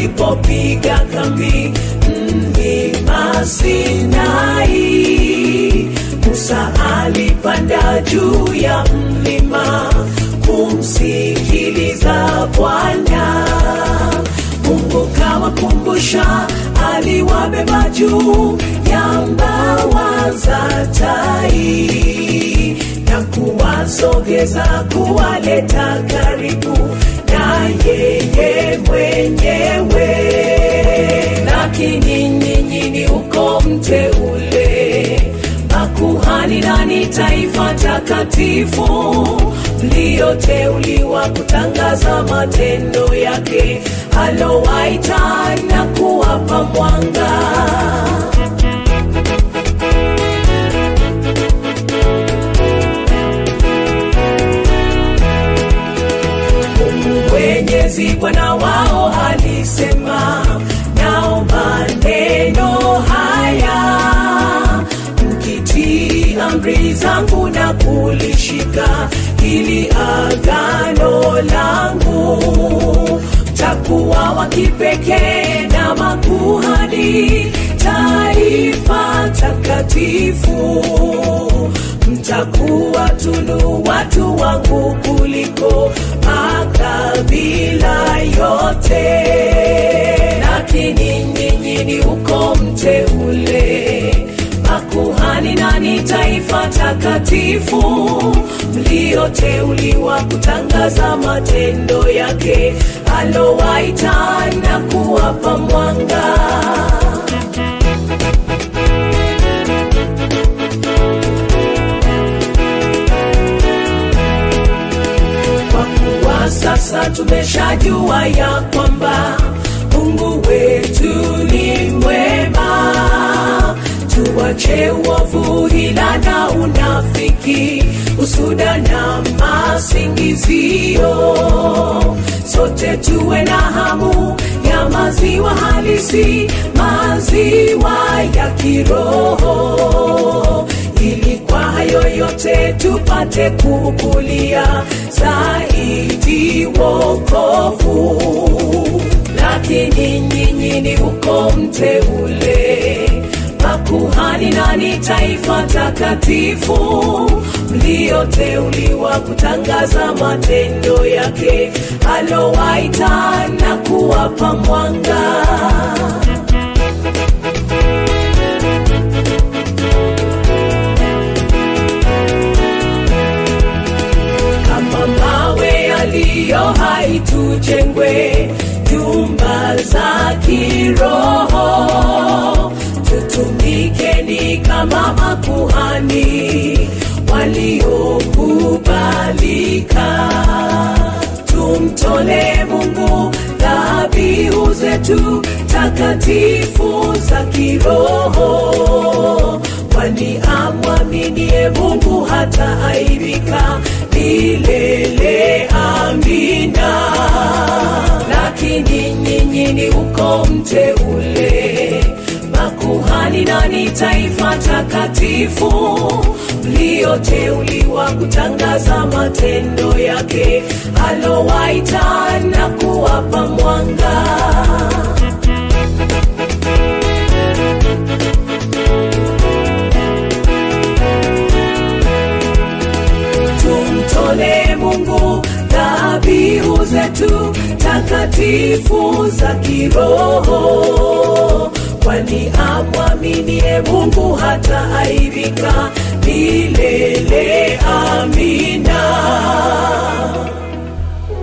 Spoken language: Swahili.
tulipopiga kambi mlima Sinai, Musa alipanda juu ya mlima kumsikiliza Bwana. Mungu kawakumbusha, aliwabeba juu ya mbawa za tai na kuwasogeza, kuwaleta karibu yeye mwenyewe, lakini nyinyi ni uko mteule, makuhani na ni taifa takatifu, mlioteuliwa kutangaza matendo yake, alowaita na kuwapa mwanga langu na kulishika hili agano langu, takuwa wa kipekee na makuhani, taifa takatifu, mtakuwa tunu watu wangu kuliko makabila yote, lakini nyinyi ni uko mteule makuhani na ni taifa takatifu mlioteuliwa kutangaza matendo yake alowaita na kuwapa mwanga kwa kuwa sasa tumeshajua ya kwamba Mungu wetu ni mwema tuwache uovu, hila na unafiki, usuda na masingizio. Sote tuwe na hamu ya maziwa halisi, maziwa ya kiroho, ili kwa hayo yote tupate kukulia zaidi wokovu. Lakini nyinyi ni uko mteule ni taifa takatifu, mlioteuliwa kutangaza matendo yake, alowaita na kuwapa mwanga kama mawe yaliyo haitujengwe kama makuhani waliokubalika. Tumtolee Mungu dhabihu zetu takatifu za kiroho, kwani amwaminie Mungu hata aibika milele. Amina. Lakini nyinyi ni uko mteule Kwani nani taifa takatifu mlioteuliwa kutangaza matendo yake alowaita na kuwapa mwanga tumtole Mungu dhabihu zetu takatifu za kiroho kwani amwaminie Mungu aibika milele. Amina.